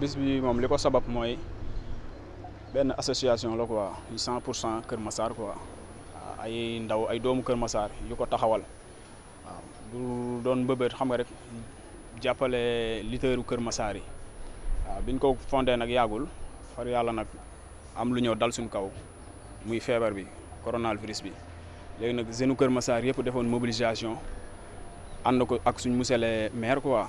bis bi moom li ko sabab mooy benn association la quoi yu cent pour cent Kër Massar quoi ay ndaw ay doomu Kër masaar yu ko taxawal waaw du doon mbëbët xam nga rek jàppale litteeru Kër Massar yi waaw biñ ko fonde nag yàggul far yàlla nag am lu ñëw dal suñ kaw muy feebar bi coronavirus bi léegi nag jeune Kër masaar yëpp defoon mobilisation ànd ko ak suñ musale maire quoi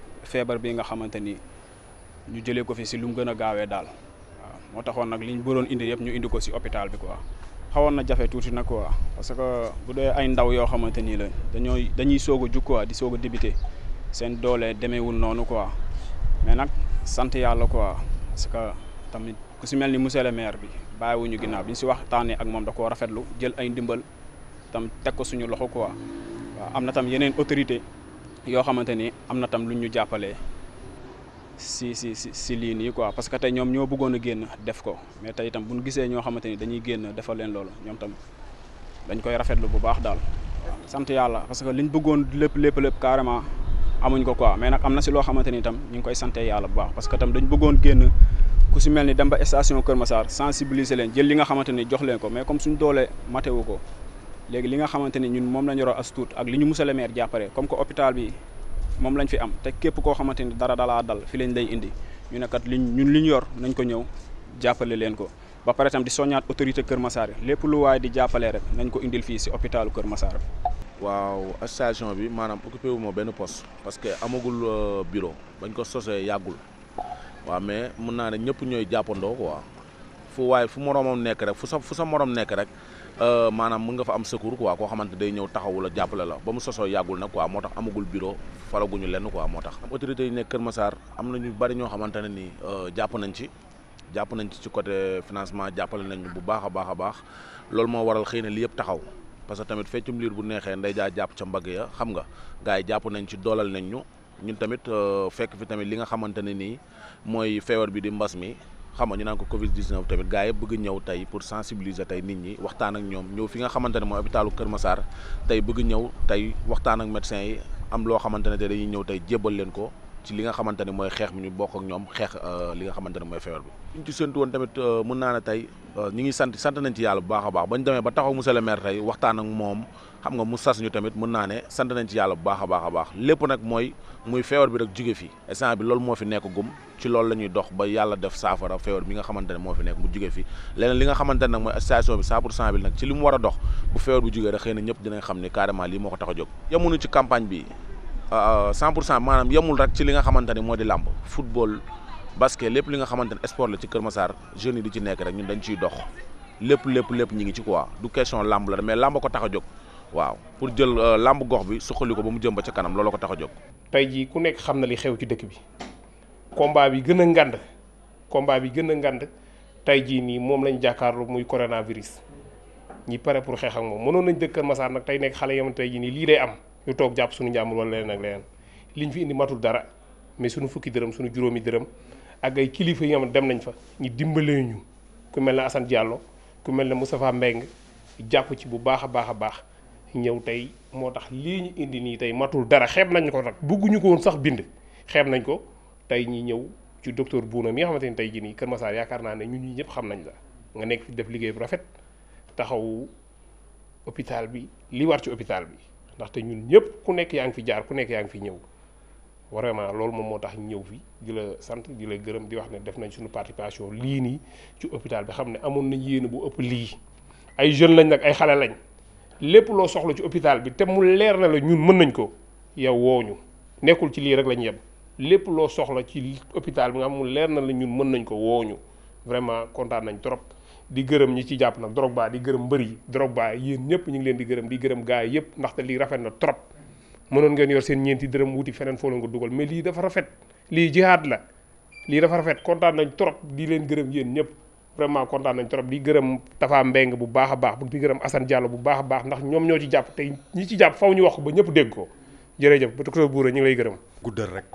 feebar bi nga xamante ni ñu jëlee ko fi si lu mu gën a gaawee daal waaw moo taxoon nag liñ bëroon indi yëpp ñu indi ko si hôpital bi quoi xawoon na jafe tuuti nag quoi parce que bu dee ay ndaw yoo xamante ni la dañooy dañuy soog a jug quoi di soog a débuté seen doole demeewul noonu quoi mais nag sant yàlla quoi parce que tamit ku si mel ni monsieur le maire bi bàyyiwuñu ginnaaw bi ñu si waxtaanee ak moom da koo rafetlu jël ay ndimbal tam teg ko suñu loxo quoi am na tam yeneen autorité yoo xamante ni am na tam lu ñu jàppale si si si si lii nii quoi parce que tey ñoom ñoo bëggoon a génn def ko mais tey itam bu ñu gisee ñoo xamante ni dañuy génn defal leen loolu ñoom tam dañ koy rafetlu bu baax daal. sant yàlla parce que liñ bëggoon lépp lépp lépp carrément amuñ ko quoi mais nag am na si loo xamante ni itam ñu ngi koy sante yàlla bu baax parce que tam dañ bëggoon génn ku si mel ni dem estation station Kër Massar sensibiliser leen jël li nga xamante ni jox leen ko mais comme suñ doolee matewu ko. léegi li nga xamante ni ñun moom lañ yoroo as tuut ak li ñu musale maire jàppale comme que hôpital bi moom lañ fi am te képp koo xamante ni dara dalaa dal fi lañ lay indi ñu ne li liñ ñun li ñu yor nañ ko ñëw jàppale leen ko ba pare tam di soññaat autorité Kër Massar lépp lu waaye di jàppale rek nañ ko indil fii si hôpitalu Kër Massar. waaw association bi maanaam occupé wu ma benn poste parce que amagul euh, bureau bañ ko sosee yàggul waaw mais mun naa ne ñëpp ñooy jàppandoo quoi fu waaye fu moroomam nekk rek fu sa fu sa morom nekk rek. Euh, maanaam mun nga fa am secours quoi koo xamante day ñëw taxawula jàppale la ba mu sosoo yàggul nag quoi moo tax amagul bureau faraguñu lenn quoi moo tax autorités yi nekk Kër Massar am na ñu bari ñoo xamante ne nii euh, jàpp nañ ci jàpp nañ ci ci côté financement jàppale nañ bu baax a baax a baax loolu moo waral xëy na lii yëpp taxaw parce que tamit feccum liir bu neexee nday jaa jàpp ca mbagg ya xam nga gars yi jàpp nañ ci doolal nañ ñu ñun tamit euh, fekk fi tamit li nga xamante ne nii mooy feebar bi di mbas mi xam nga ñu naan ko Covid 19 tamit gars yi bëgg ñëw tey pour sensibiliser tey nit ñi waxtaan ak ñoom ñëw fi nga xamante ne mooy hôpitalu Kër Massar tey bëgg ñëw tey waxtaan ak médecins yi am loo xamante ne te dañuy ñëw tey jébbal leen ko ci li nga xamante ne mooy xeex mi ñu bokk ak ñoom xeex euh, li nga xamante ne mooy feebar bi. ñu ci séntu woon tamit euh, mën naa ne tey euh, ñu ngi sant sant nañ ci yàlla bu baax a baax ba ñu demee ba taxaw monsieur le maire tey waxtaan ak moom xam nga mu sas ñu tamit mën naa ne sant nañ ci yàlla bu baax a baax a baax lépp nag mooy muy feebar bi rek jóge fi instant bi loolu moo fi nekk gum ci loolu la ñuy dox ba yàlla def saafara feebar bi nga xamante ne moo fi nekk mu jóge fi leneen li nga xamante ne nag mooy association bi 100 pour cent bi nag ci mu war a dox bu feebar bi na ñëpp dinañ xam ni carrément lii moo ko tax a jóg yemunu ci campagne bi euh, euh, maanaam yemul rek ci li nga xamante ne moo di làmb football basket lépp li nga xamante ne sport la ci Kër Massar jeunes di ci nekk rek ñun dañ ciy dox lépp lépp lépp ñi ngi ci quoi du question làmb la mais làmb ko tax a jóg waaw pour jël euh, làmb gox bi suqali ko ba mu jëm ba ca kanam looloo ko tax a jóg. tey jii ku nekk xam na li xew ci dëkk bi combat bi gën a ngand combat bi gën a ngand tey jii nii moom lañ jàkkaarloo muy coronavirus ñi pare pour xeex ak moom mënoon nañ dëkk Kër nag tey nekk xale yam tey ji nii lii day am ñu toog jàpp suñu njàmbur wala leneen ak leneen liñ fi indi matul dara mais suñu fukki dërëm suñu juróomi dërëm ak ay kilifa yi nga dem nañ fa ñu dimbalee ñu ku mel ne Assane Diallo ku mel ne Moustapha Mbeng jàpp ci bu baax a baax a baax ñëw tey moo tax lii ñu indi nii tey matul dara xeeb nañ ko nag bëgguñu ko woon sax bind xeeb nañ ko tey ñi ñëw ci docteur Bouna mi nga xamante ni tey jii nii Kër Massar yaakaar naa ne ñun ñi ñëpp xam nañ la nga nekk fi def liggéey bu taxaw hôpital bi li war ci hôpital bi ndaxte ñun ñëpp ku nekk yaa ngi fi jaar ku nekk yaa ngi fi ñëw vraiment loolu moom moo tax ñëw fi di la sant di la gërëm di wax ne def nañ suñu participation lii nii ci hôpital bi xam ne amoon nañ yéene bu ëpp lii ay jeunes lañ nag ay xale lañ lepp lo soxla ci hôpital bi té mu lér na la ñun mën nañ ko yow woñu nekkul ci li rek lañ yem lepp lo soxla ci hôpital bi nga mu lér na la ñun mën nañ ko woñu vraiment kontaan nañ trop di gërëm ñi ci Drogba di gërëm mbër Drogba yeen ñëpp ñi ngi leen di gërëm di gërëm gaay yi ndax té li rafet na trop mënon ngeen yor seen ñeenti dërëm wuti fenen fo lo ko duggal mais li dafa rafet li jihad la li dafa rafet kontaan nañ trop di leen gërëm yeen ñëpp vraiment kontaan nañ trop di gërëm Tafa Mbeng bu baax a baax di gërëm Assane Diallo bu baax a ñoom ñoo ci jàpp tey ñi ci jàpp faw ñu wax ko ba ñëpp ko jërëjëf ba docteur Bouré ñu ngi gërëm. guddal rek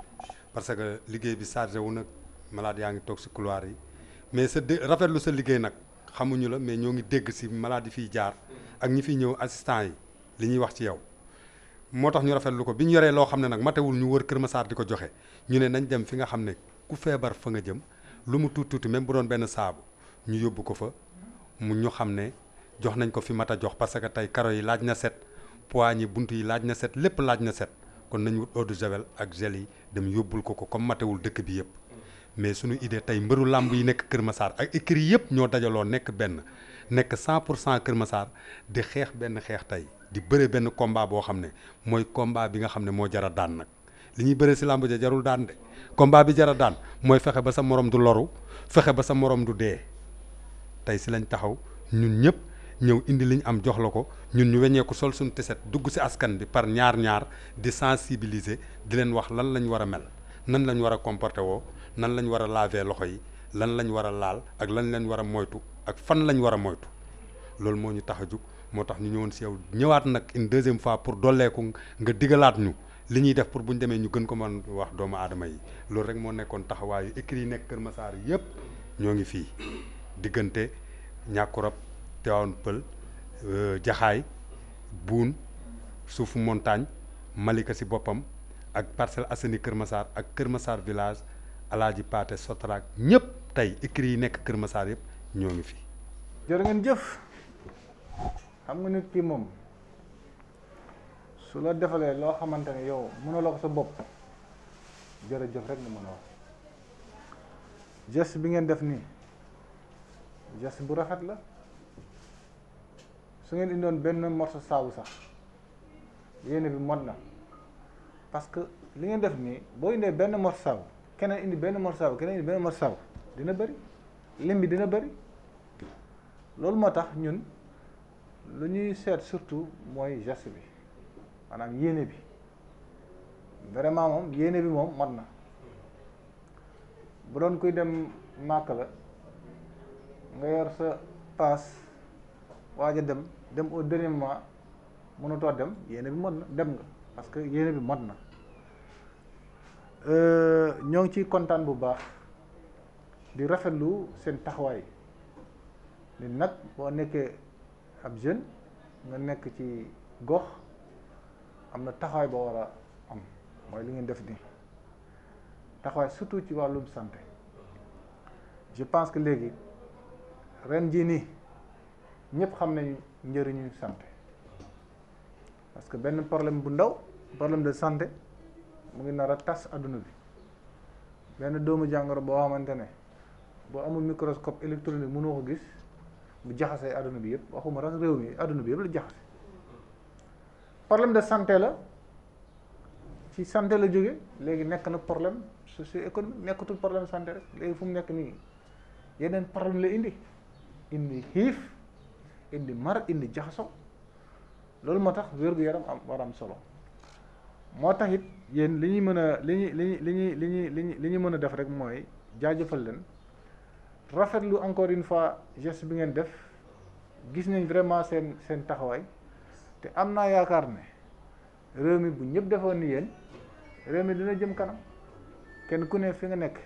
parce que liggéey bi chargé wu nag malade yaa ngi toog si couloir yi mais sa rafetlu sa liggéey nag xamuñu la mais ñoo ngi dégg si malade yi fiy jaar ak ñi fiy ñëw assistant yi li ñuy wax ci yow. moo tax ñu rafetlu ko bi ñu yoree loo xam ne nag matewul ñu wër Kër saar di ko joxe ñu ne nañ dem fi nga xam ne ku feebar fa nga jëm lu mu tuut tuuti même bu doon benn saabu ñu yobbu ko fa mu ñu xamne jox nañ ko fi mata jox parce que tay karo yi laaj na set poani buntu yi laaj na set lepp laaj na set kon nañ wut eau de javel ak gel yi dem yóbbul ko ko comme matewul dekk bi yëpp mais suñu idée tay mbeuru lamb yi nek keur Massar ak écrit yëpp ño dajalo nek ben nek 100 keur Massar di xex ben xex tay di beure ben combat bo xamne moy combat bi nga xamne mo jara daan nak li ñuy bëre si làmb ja jarul daan de combat bi jara daan moy fexé ba sa morom du loru fexé ba sa morom du dee tey si lañ taxaw ñun ñëpp ñëw indi li ñu am jox la ko ñun ñu weññeeku sol suñu teset dugg si askan bi par ñaar ñaar di sensibiliser di leen wax lan lañ war a mel nan lañ war a comporter woo nan lañ war a laver loxo yi lan lañ war a laal ak lan lañ war a moytu ak fan lañ war a moytu loolu moo ñu tax a jug moo tax ñu ñëwoon si yow ñëwaat nag une deuxième fois pour dolleeku nga digalaat ñu li ñuy def pour bu ñu demee ñu gën ko mën wax doomu aadama yi loolu rek moo nekkoon taxawaayu écrit yi nekk Kër Massar yëpp ñoo ngi fii diggante ñàkkurab Tivaouane Pël euh, jaxay boun suufu montagne Malika ci bopam ak parcel Assainies kermassar ak kermassar village aladi paté sotrak ñëpp tay écrit nek kermassar Kër Massar ñoo ngi fi. jërë ngeen jëf xam nga nit ki mom su la défalé lo xamantene yow mënuloo ko sa bopp jëf rek nga mën wax bi ngeen def ni geste bu rafet la su ngeen indoon benn morso saabu sax yéene bi mot na parce que li ngeen def nii boo indee benn morceau saabu keneen indi benn morceau saabu keneen indi benn morceau saabu dina bëri lim bi dina bëri loolu moo tax ñun lu ñuy seet surtout mooy geste bi maanaam yéene bi vraiment moom yéene bi moom mot na bu doon kuy dem màkk la nga yor sa paas waaj a dem dem au dernier mënatoo dem yéene bi mot na dem nga parce que yéene bi mot na euh, ñoo ngi ci kontaan bu baax di rafetlu seen taxawaay ni nag boo nekkee ab jeune nga nekk ci gox am na taxawaay boo war a am mooy li ngeen def nii taxawaay surtout ci wàllum santé je pense que léegi. ren jii ni ñëpp xam nañu njëriñu santé parce que benn problème bu ndaw problème de santé mu ngi nara a tas àdduna bi benn doomu jangoro bo xamantene bo amul microscope électronique mënoo ko gis bu jaxasee aduna bi yëpp waxuma rek réew mi aduna bi yëpp la jaxase problème de santé la ci santé la jóge léegi nekk na problème socio économique nekkatul problème santé rek léegi fu mu nekk nii yeneen problème la indi indi hif, indi mar indi jaxaso lolou motax tax gu yaram am waram solo motax it yeen liñu mëna liñu liñu liñu liñu li def rek moy jaajeufal leen rafetlu encore une fois geste bi ngeen def gis nañ vraiment sen sen taxaway te amna yaakar né ne réew mi bu ñëpp defoon ni yeen réew mi dina jëm kanam kenn ku ne fi nga nek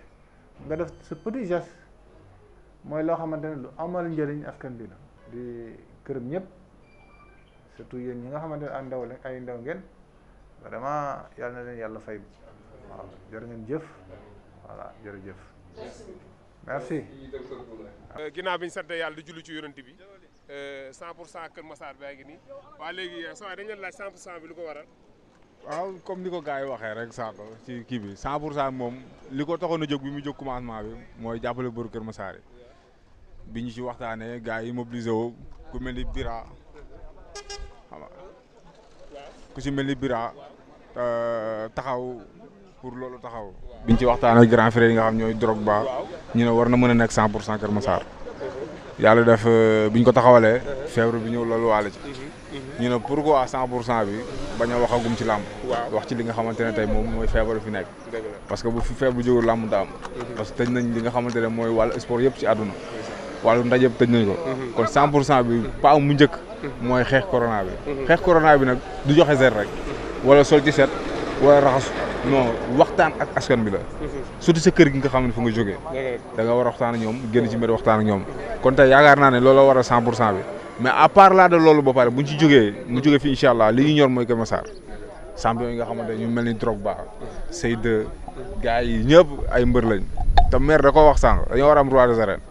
nga def ce petit geste mooy loo xamante ne lu amal njëriñ askan bi la di këram ñëpp surtout yéen ñi nga xamante ne ay ndaw la ay ndaw ngeen vraiment yal na leen yàlla fay waaw jërë ngeen jëf voilà jërëjëf. merci. Euh, ginnaaw bi ñu sant yàlla di julli ci yonent bi 100 euh, pour cent Kër Massar baa ngi nii waa léegi euh, saa dañu laaj 100 pour cent bi lu ko waral. waaw comme ni ko gaa yi waxee rek sànq ci kii bi 100 pour cent moom li ko taxoon a jóg bi mu jóg commencement bi mooy jàppale booru Kër Massar bi ñu ci waxtaanee gars yi mobilisé wu ku mel ni Bira xam ku ci mel ni Bira euh, taxaw pour loolu taxaw. bi ñu ci waxtaanee grand frère yi nga xam ñooy ba ñu ne war na mën a nekk 100 pour cent Kër Massar yàlla def euh, bi ñu ko taxawalee. feebar bi ñëw loolu waale ci. ñu ne pourquoi cent pour cent bi bañ a waxagum ci làmb wax ci li nga xamante ne tey moom mooy feebaru fi nekk parce que bu fi feebar jógul làmb da am mhm. parce que tëj nañ li nga xamante ne mooy wàllu yëpp ci àdduna wàllu ndaje tëj nañ ko. Mhm. kon 100 pour cent bi pas mu njëkk. mooy xeex corona bi. Mhm. xeex corona bi nag du joxe set rek. Mhm. wala sol ci set wala raxas. non waxtaan ak askan bi la. surtout sa kër gi nga xam ne fa nga jógee. danga war a waxtaan ak ñoom génn ci mbir waxtaan ak ñoom. kon tey yaakaar naa ne looloo war a 100 pour cent bi mais à part là de loolu ba pare bu ñu ci mu jógee fi incha allah li ñu ñor mooy Kër Massar. champion yi nga xamante ñu mel ni Drogba Seyde gars yi ñëpp ay mbër lañ. te maire da wax sànq dañoo war am roi des arènes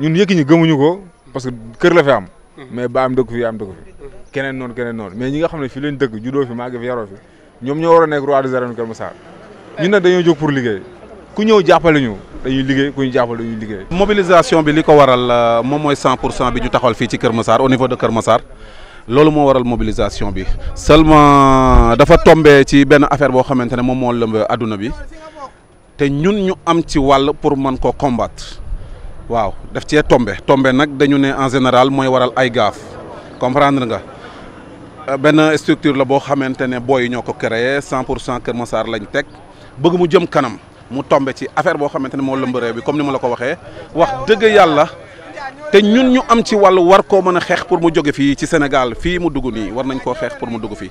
ñun Yékini gëmuñu ko parce que kër la fi am mais ba am keneen noonu keneen noonu mais ñi nga xam ne fii leen dëkk juddoo fi màgg fi yaroo fi ñoom a nekk roi des arènes Kër Massar ñun nag pour liggéey ku ñëw jàppale ñu dañuy liggéey ku ñu liggéey mobilisation bi li ko waral euh, moom mooy cent pour cent bi ñu taxawal fii ci Kër Massar au niveau de Kër Massar loolu moo waral mobilisation bi seulement dafa tombe ci benn affaire boo xamante ne moom moo lëmb adduna bi te ñun ñu am ci wàll pour mën koo combattre waaw def cee tombe tombe nag dañu ne en général mooy waral ay gaaf comprendre nga euh, benn structure la boo xamante ne booy ñoo ko créé cent pour cent Kër Massar lañ teg bëgg mu jëm kanam mu tombe ci affaire boo xamante ne moo lëmb réew bi comme ni ma la ko waxee wax dëgg yàlla te ñun ñu am ci wàll war koo mën a xeex pour mu jóge fii ci Sénégal fii mu dugg nii war nañ koo xeex pour mu dugg fii.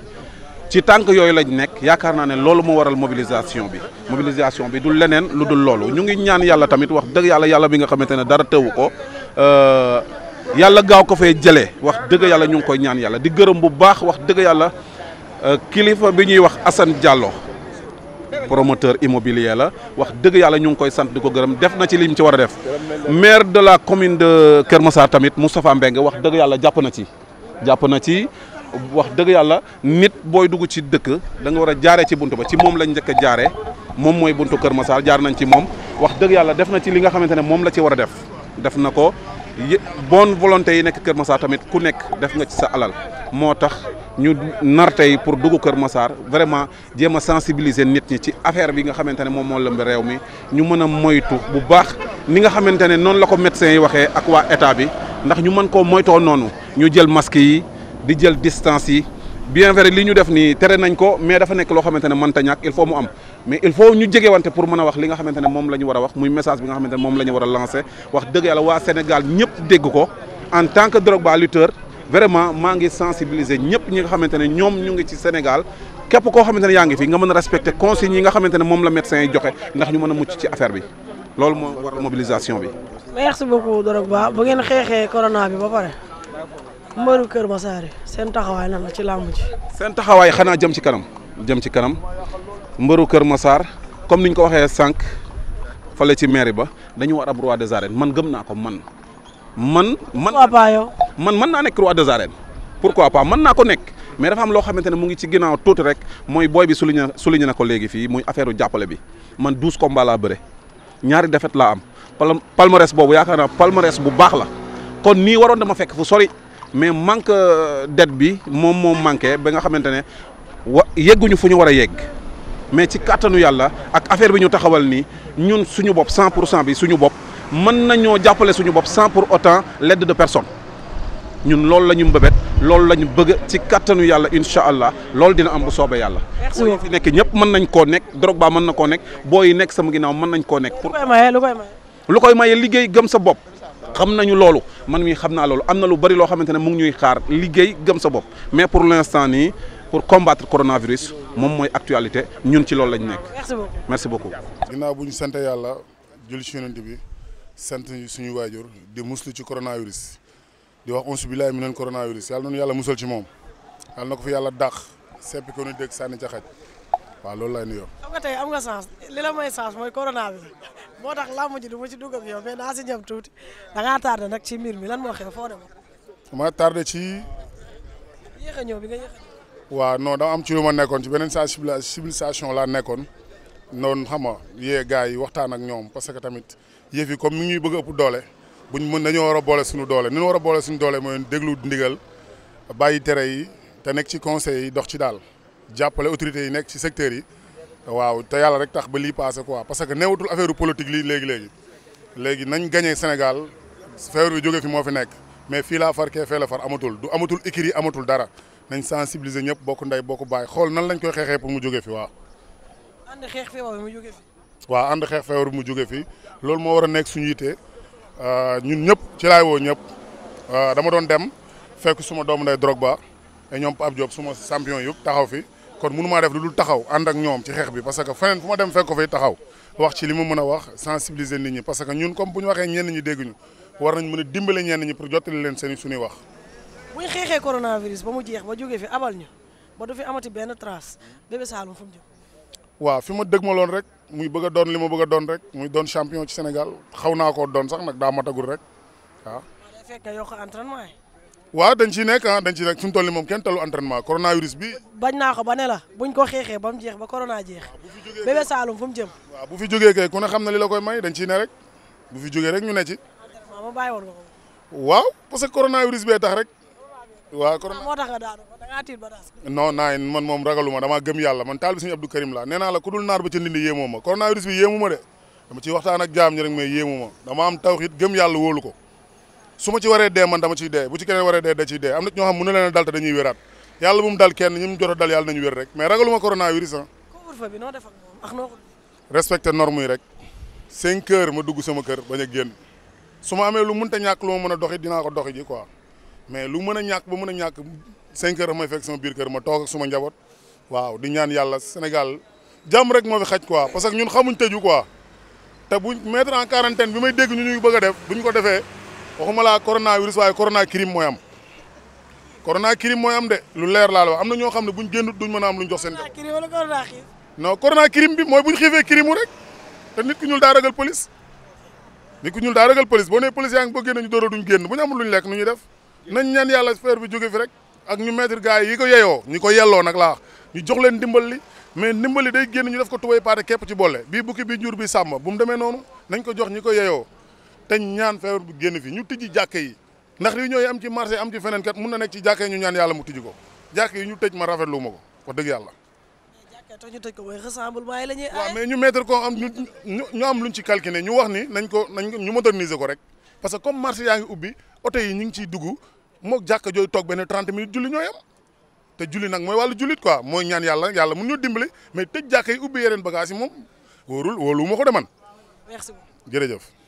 ci tank yoy lañ nek yakarna naa ne mo waral mobilisation bi mobilisation bi du lenen, luddul lolu ñu ngi ñaan yalla tamit wax deug yalla yalla bi nga xamante dara teewu ko euh, yalla gaaw ko fay jëlee wax deug yalla ñu ngi koy ñaan yalla di gërëm bu baax wax dëgg yàlla euh, kilifa bi ñuy wax Assane Diallo promoteur immobilier la wax deug yalla ñu ngi koy sant diko ko def na ci lim ci wara def maire de la commune de Kër tamit mustapha mbeng wax deug yalla japp na ci japp na ci wax dëgg yàlla nit booy dugg ci dëkk da nga war a jaaree ci bunt ba ci moom lañ njëkk a jaaree moom mooy buntu Kër Massar jaar nañ ci moom wax dëgg yàlla def na ci li nga xamante moom la ci war a def def na ko bonne volonté yi nekk Kër Massar tamit ku nekk def nga ci sa alal moo tax ñu nar tey pour dugg Kër Massar vraiment jéem a sensibiliser nit ñi ci affaire bi nga xamante ne moom moo lëmb réew mi ñu mën a moytu bu baax ni nga xamante ne noonu la ko médecins yi waxee ak waa état bi ndax ñu mën koo moytoo noonu ñu jël masque yi di jël distance yi bien vrai li ñu def ni téré nañ ko mais dafa nek lo xamante man mënta ñàkk il faut mu am mais il faut ñu jégué jegewante pour mëna wax li nga xamante mom lañu wara wax muy message bi nga xamante mom lañu wara lancer wax dëgg yàlla wa Sénégal ñëpp dégg ko en tant que Drogba lutteur vraiment ma ngi sensibiliser ñëpp ñi nga xamante ñom ñu ngi ci Sénégal képp ko xamante yaangi fi nga mëna respecter consignes yi nga xamante mom la médecin joxé ndax ñu mëna mucc ci affaire bi loolu mo war mobilisation bi. merci beaucoup Drogba bu ngeen xexé corona bi ba paré mbaru Kër Massar sen taxaway nan la ci lamb ci sen taxaway xana jëm ci kanam jëm ci kanam dan Kër Massar comme niñ ko waxee sànq fale ci maire ba dañu war ab roi des arènes man gëm nako man man. man man papa Man, man man naa nekk roi des arènes pourquoi pas man nako nek mais dafa am lo xamantene mo ngi ci ginaaw tout rek moy boy bi souligné souligné na legui fi, moy affaireu jappale bi man 12 combat la beure ñaari défaite la am palmarès bobu yaaka na palmarès bu baax la kon ni waron dama fekk fu sori mais manque dette bi mom mom manqué ba nga xamantene yegguñu fuñu wara a yegg mais ci katanu yalla ak affaire bi ñu taxawal ni ñun suñu bop 100 bi suñu bop man nañu jappalé suñu bop 100 pour autant l'aide de personne ñun lool lañu mbebet lool lañu bëgg ci katanu yalla inshallah allah dina am bu soobé yalla merci fi nek ñep man nañ koo nekk Drogba man na koo nekk booy yi sama ginaaw man nañ ko nek lu koy maye lu koy maye. lu gëm sa bop xam nañu loolu man mii xam naa loolu am na lu bari loo xamante mu ngi ñuy xaar liggéey gëm sa bopp mais pour l'instant nii pour combattre coronavirus moom mooy actualité ñun ci loolu lañ nekk. merci beaucoup merci beaucoup. ginnaaw bu ñu sant yàlla jël ci yonent bi sant suñu waajur di muslu ci coronavirus di wax onsu billahi minal coronavirus yàlla noonu yàlla musal ci moom yàlla na ko fi yàlla dàq seppi ko nu dégg sànni ca xaj waaw loolu laay nuyoo. xam moo tax laa ji du ma ci dugg ak yow mais naa si ñam tuuti da ngaa tardé nag ci miir mi lan moo xew foo demoon. dama tardé ci. yéex waaw noon dama am ci lu ma nekkoon ci beneen sensibilisation laa nekkoon noonu xam nga yee gars yi waxtaan ak ñoom parce que tamit yëf yi comme ni ñuy bëgg a ëpp doole buñ mën dañoo war a boole suñu doole nu ñu war a boole suñu doole mooy déglu ndigal bàyyi tere yi te nekk ci conseil yi dox ci daal jàppale autorités yi nekk ci secteur yi. waaw te yàlla rek tax ba lii passé quoi parce que newatul affaire politique lii léegi léegi léegi nañ gagné Sénégal feebar bi jóge fi moo fi nekk mais fii laa far kee fee far amatul du amatul écrit yi amatul dara nañ sensibiliser ñëpp bokk ndey bokk baay xool nan lañ koy xeexee pour mu jógee fi waaw. ànd xeex mu jógee fi. loolu moo war a nekk suñu yitte euh, ñun ñëpp ci laay woo ñëpp euh, dama doon dem fekk suma doomu ndey Drogba et ñoom Pape Diop suma champion yu taxaw fi. kon mënu maa def lu dul taxaw ànd ak ñoom ci xeex bi parce que feneen fu ma dem fekk ko fay taxaw wax ci li ma mën a wax sensibiliser nit ñi parce que ñun comme bu ñu waxee ñenn ñi dégg ñu war nañ mun a dimbale ñenn ñi pour jottali leen seen suñuy wax. bu ñu xeexee coronavirus ba mu jeex ba jógee fi abal ñu ba du fi amati benn trace Bébé Saloum fu mu jëm. waaw fi ma ma dëgmaloon rek muy bëgg doon li ma bëgg doon rek muy doon champion ci Sénégal xaw naa koo doon sax nag daa matagul rek waaw. fekk nga yokk yi waaw dañ ci nekk ah dañ ci nekk fi mu toll nii moom kenn talu entraînement coronavirus bi. bañ naa ko ba ne la buñ ko xeexee ba mu jeex ba corona jeex. bébé Saloum fu mu jëm. bu fi jógee kay ku ne xam na li la koy may dañ ci ne rek bu fi jógee rek ñu ne ci. ma bàyyi woon nga ko. waaw parce que coronavirus bee tax rek. waaw corona moo tax nga da ngaa tiit ba daas. non naa man moom ragaluma damaa gëm yàlla man taal bi suñu Abdou Karim laa nee naa la ku dul naar ba ca Ndindi yéemoo ma coronavirus bi yéemu ma de dama ciy waxtaan ak jaam ñi rek mais yéemu ma dama am tawxiit gëm yàlla wóolu ko su ma ci waree dee man dama ciy dee bu ci keneen waree dee da ciy dee am na ñoo xam mënu leen dal te dañuy wéraat yàlla bu dal kenn ñi jot dal yàlla nañu wér rek mais ragaluma coronavirus ah. couvre-feu bi rek cinq heures ma dugg sama kër bañ a génn su ma amee lu mun te ñàkk lu ma mën a doxi dinaa ko doxi ji quoi mais lu mën a ñàkk ba mën a ñàkk cinq heures may fekk sama biir kër ma toog ak suma njaboot waaw di ñaan yàlla Sénégal jàmm rek moo fi xaj quoi parce que ñun xamuñ tëju quoi te buñ mettre en quarantaine bi may dégg ñu ñuy bëgg a def buñ ko defee waxuma laa coronavirus waaye corona crime mooy am corona crime mooy am de lu leer laal la am na ñoo xam ne buñ génnut duñ mën a am luñ jox seen. corona crime wala corona xiif. non bi mooy buñ xiifee crime mu rek te nit ku ñuul daa ragal police nit ku ñuul daa ragal police boo nee police yaa ngi bëgg nañu dóora duñ génn bu ñu amul luñ lekk nu ñuy def nañ ñaan yàlla affaire bi jóge fi rek ak ñu mettre gars yi ko yeyoo ñi ko yelloo nag laa ñu jox leen ndimbal li mais ndimbali day génn ñu def ko tubay paate képp ci boole bii bukki bi njur bi sàmm bu mu demee noonu nañ ko jox ñi ko yeyoo te ñaan feebar bu génn fi ñu tijji jàkke yi ndax li ñooy am ci marché am ci feneen kat mun na nekk ci jàkke yi ñu ñaan yàlla mu tijji ko jàkke yi ñu tëj ma rafetlu ma ko wax dëgg yàlla. waaw mais ñu mettre ko am ñu ñu am luñ ci calculé ñu wax ni nañ ko nañ ko ñu moderniser ko rek parce que comme marché yaa ngi ubbi oto yi ñu ngi ciy dugg moog jàkka jooy toog benn 30 minutes julli ñooy am te julli nag mooy wàllu jullit quoi mooy ñaan yàlla yàlla mun ñu dimbali mais tëj jàkka yi ubbi yeneen bagage yi moom wóorul wóolu ma ko de man. merci beaucoup jërëjëf.